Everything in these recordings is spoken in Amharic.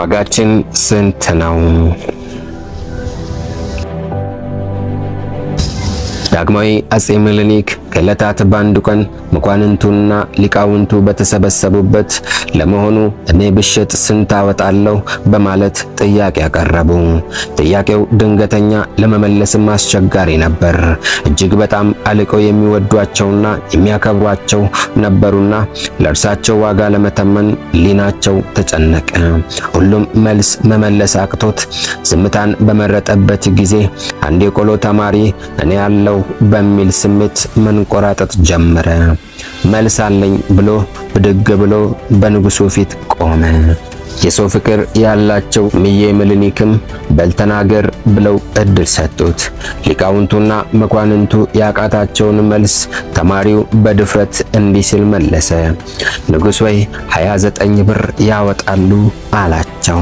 ዋጋችን ስንት ነው? ዳግማዊ አጼ ምኒልክ ከዕለታት በአንዱ ቀን መኳንንቱና ሊቃውንቱ በተሰበሰቡበት ለመሆኑ እኔ ብሸጥ ስንት አወጣለሁ? በማለት ጥያቄ አቀረቡ። ጥያቄው ድንገተኛ፣ ለመመለስም አስቸጋሪ ነበር። እጅግ በጣም አልቀው የሚወዷቸውና የሚያከብሯቸው ነበሩና ለእርሳቸው ዋጋ ለመተመን ሊናቸው ተጨነቀ። ሁሉም መልስ መመለስ አቅቶት ዝምታን በመረጠበት ጊዜ አንድ የቆሎ ተማሪ እኔ ያለው በሚል ስሜት መንቆራጠጥ ጀመረ። መልስ አለኝ ብሎ ብድግ ብሎ በንጉሱ ፊት ቆመ። የሰው ፍቅር ያላቸው ምዬ ምልኒክም በልተናገር ብለው እድል ሰጡት። ሊቃውንቱና መኳንንቱ ያቃታቸውን መልስ ተማሪው በድፍረት እንዲህ ሲል መለሰ። ንጉሥ ወይ 29 ብር ያወጣሉ አላቸው።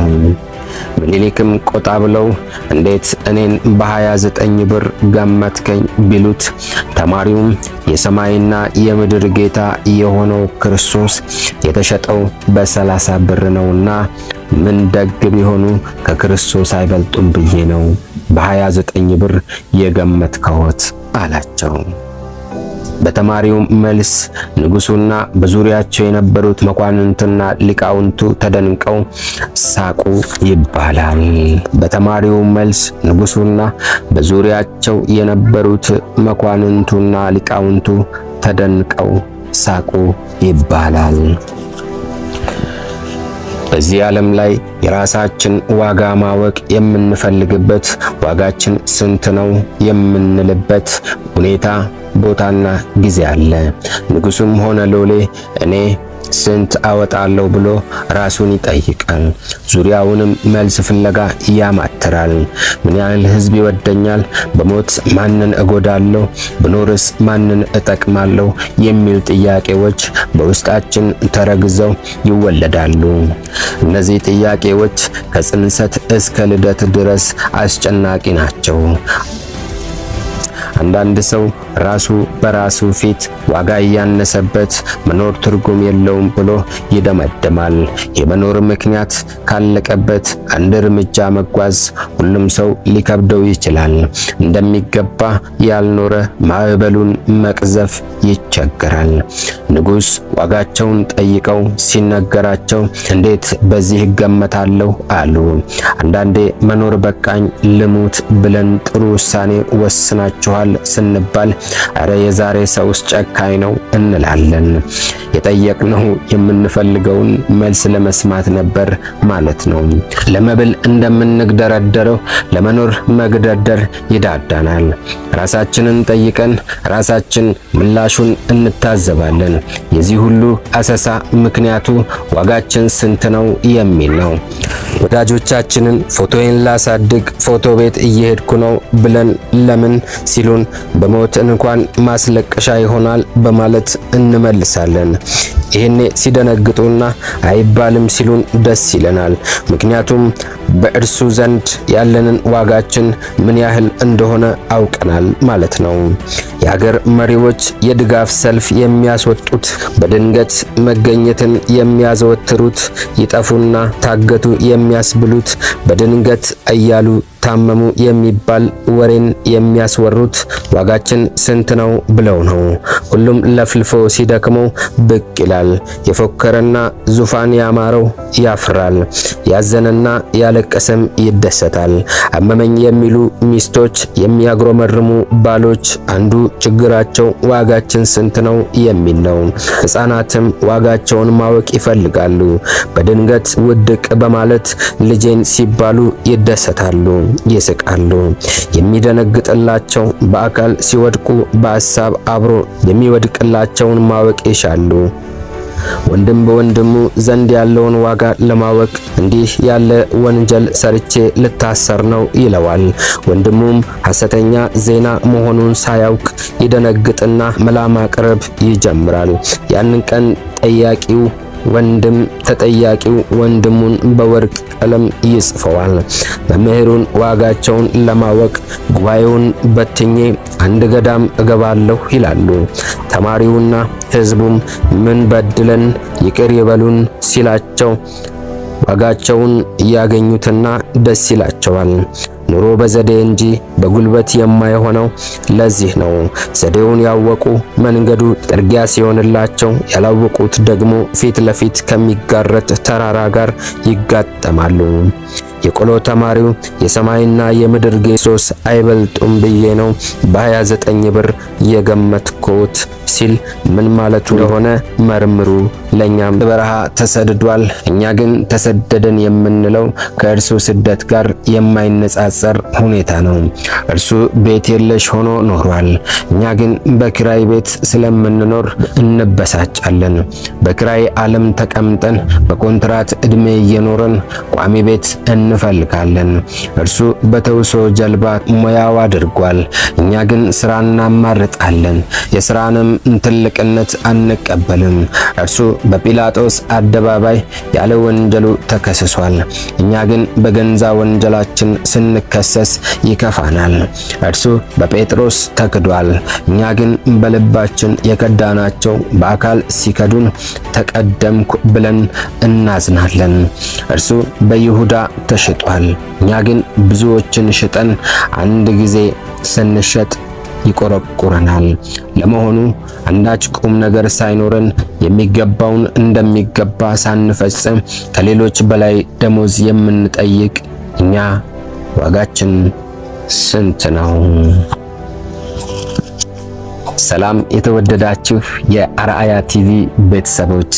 ምኒልክም ቆጣ ብለው እንዴት እኔን በ29 ብር ገመትከኝ ቢሉት ተማሪውም የሰማይና የምድር ጌታ የሆነው ክርስቶስ የተሸጠው በ30 ብር ነውና ምን ደግ ቢሆኑ ከክርስቶስ አይበልጡም ብዬ ነው በ29 ብር የገመትከዎት አላቸው። በተማሪው መልስ ንጉሱና በዙሪያቸው የነበሩት መኳንንትና ሊቃውንቱ ተደንቀው ሳቁ ይባላል። በተማሪው መልስ ንጉሱና በዙሪያቸው የነበሩት መኳንንቱና ሊቃውንቱ ተደንቀው ሳቁ ይባላል። በዚህ ዓለም ላይ የራሳችን ዋጋ ማወቅ የምንፈልግበት ዋጋችን ስንት ነው የምንልበት ሁኔታ ቦታና ጊዜ አለ። ንጉሱም ሆነ ሎሌ እኔ ስንት አወጣለሁ ብሎ ራሱን ይጠይቃል። ዙሪያውንም መልስ ፍለጋ ያማትራል። ምን ያህል ሕዝብ ይወደኛል? በሞት ማንን እጎዳለሁ? ብኖርስ ማንን እጠቅማለሁ? የሚል ጥያቄዎች በውስጣችን ተረግዘው ይወለዳሉ። እነዚህ ጥያቄዎች ከጽንሰት እስከ ልደት ድረስ አስጨናቂ ናቸው። አንዳንድ ሰው ራሱ በራሱ ፊት ዋጋ እያነሰበት መኖር ትርጉም የለውም ብሎ ይደመድማል። የመኖር ምክንያት ካለቀበት አንድ እርምጃ መጓዝ ሁሉም ሰው ሊከብደው ይችላል። እንደሚገባ ያልኖረ ማዕበሉን መቅዘፍ ይቸግራል። ንጉሥ ዋጋቸውን ጠይቀው ሲነገራቸው እንዴት በዚህ እገመታለሁ አሉ። አንዳንዴ መኖር በቃኝ ልሙት ብለን ጥሩ ውሳኔ ወስናችኋል ስንባል እረ የዛሬ ሰውስ ጨካኝ ነው እንላለን። የጠየቅነው የምንፈልገውን መልስ ለመስማት ነበር ማለት ነው። ለመብል እንደምንግደረደረው ለመኖር መግደርደር ይዳዳናል። ራሳችንን ጠይቀን ራሳችን ምላሹን እንታዘባለን። የዚህ ሁሉ አሰሳ ምክንያቱ ዋጋችን ስንት ነው የሚል ነው። ወዳጆቻችንን ፎቶዬን ላሳድግ ፎቶ ቤት እየሄድኩ ነው ብለን ለምን ሲሉን በሞትን እንኳን ማስለቀሻ ይሆናል በማለት እንመልሳለን። ይህኔ ሲደነግጡና አይባልም ሲሉን ደስ ይለናል። ምክንያቱም በእርሱ ዘንድ ያለንን ዋጋችን ምን ያህል እንደሆነ አውቀናል ማለት ነው። የሀገር መሪዎች የድጋፍ ሰልፍ የሚያስወጡት በድንገት መገኘትን የሚያዘወትሩት ይጠፉና ታገቱ የሚያስብሉት በድንገት እያሉ ታመሙ የሚባል ወሬን የሚያስወሩት ዋጋችን ስንት ነው ብለው ነው። ሁሉም ለፍልፎ ሲደክመው ብቅ ይላል። የፎከረና ዙፋን ያማረው ያፍራል፣ ያዘነና ያለቀሰም ይደሰታል። አመመኝ የሚሉ ሚስቶች፣ የሚያግሮመርሙ ባሎች አንዱ ችግራቸው ዋጋችን ስንት ነው የሚል ነው። ሕፃናትም ዋጋቸውን ማወቅ ይፈልጋሉ። በድንገት ውድቅ በማለት ልጄን ሲባሉ ይደሰታሉ፣ ይስቃሉ። የሚደነግጥላቸው በአካል ሲወድቁ በሀሳብ አብሮ የሚ የሚወድቅላቸውን ማወቅ ይሻሉ። ወንድም በወንድሙ ዘንድ ያለውን ዋጋ ለማወቅ እንዲህ ያለ ወንጀል ሰርቼ ልታሰር ነው ይለዋል። ወንድሙም ሐሰተኛ ዜና መሆኑን ሳያውቅ ይደነግጥና መላ ማቅረብ ይጀምራል። ያንን ቀን ጠያቂው ወንድም ተጠያቂው ወንድሙን በወርቅ ቀለም ይጽፈዋል። መምህሩን ዋጋቸውን ለማወቅ ጉባኤውን በትኜ አንድ ገዳም እገባለሁ ይላሉ። ተማሪውና ህዝቡም ምን በድለን ይቅር ይበሉን ሲላቸው ዋጋቸውን ያገኙትና ደስ ይላቸዋል። ኑሮ በዘዴ እንጂ በጉልበት የማይሆነው ለዚህ ነው። ዘዴውን ያወቁ መንገዱ ጥርጊያ ሲሆንላቸው፣ ያላወቁት ደግሞ ፊት ለፊት ከሚጋረጥ ተራራ ጋር ይጋጠማሉ። የቆሎ ተማሪው የሰማይና የምድር ጌሶስ አይበልጡም ብዬ ነው በ29 ብር የገመትኩት ሲል ምን ማለቱ እንደሆነ መርምሩ። ለኛም በረሃ ተሰድዷል። እኛ ግን ተሰደደን የምንለው ከእርሱ ስደት ጋር የማይነጻጸር ሁኔታ ነው። እርሱ ቤት የለሽ ሆኖ ኖሯል። እኛ ግን በክራይ ቤት ስለምንኖር እንበሳጫለን። በክራይ ዓለም ተቀምጠን በኮንትራት እድሜ እየኖረን ቋሚ ቤት እንፈልጋለን። እርሱ በተውሶ ጀልባ ሙያው አድርጓል። እኛ ግን ስራ እናማርጣለን፣ የስራንም ትልቅነት አንቀበልም። እርሱ በጲላጦስ አደባባይ ያለ ወንጀሉ ተከስሷል። እኛ ግን በገንዛ ወንጀላችን ስንከሰስ ይከፋናል። እርሱ በጴጥሮስ ተክዷል። እኛ ግን በልባችን የከዳናቸው በአካል ሲከዱን ተቀደምኩ ብለን እናዝናለን። እርሱ በይሁዳ ተሽጧል። እኛ ግን ብዙዎችን ሽጠን አንድ ጊዜ ስንሸጥ ይቆረቁረናል። ለመሆኑ አንዳች ቁም ነገር ሳይኖረን የሚገባውን እንደሚገባ ሳንፈጽም ከሌሎች በላይ ደሞዝ የምንጠይቅ እኛ ዋጋችን ስንት ነው? ሰላም የተወደዳችሁ የአርአያ ቲቪ ቤተሰቦች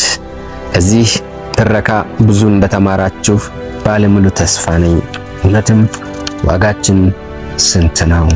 ከዚህ ትረካ ብዙ እንደተማራችሁ ባለሙሉ ተስፋ ነኝ። እውነትም ዋጋችን ስንት ነው?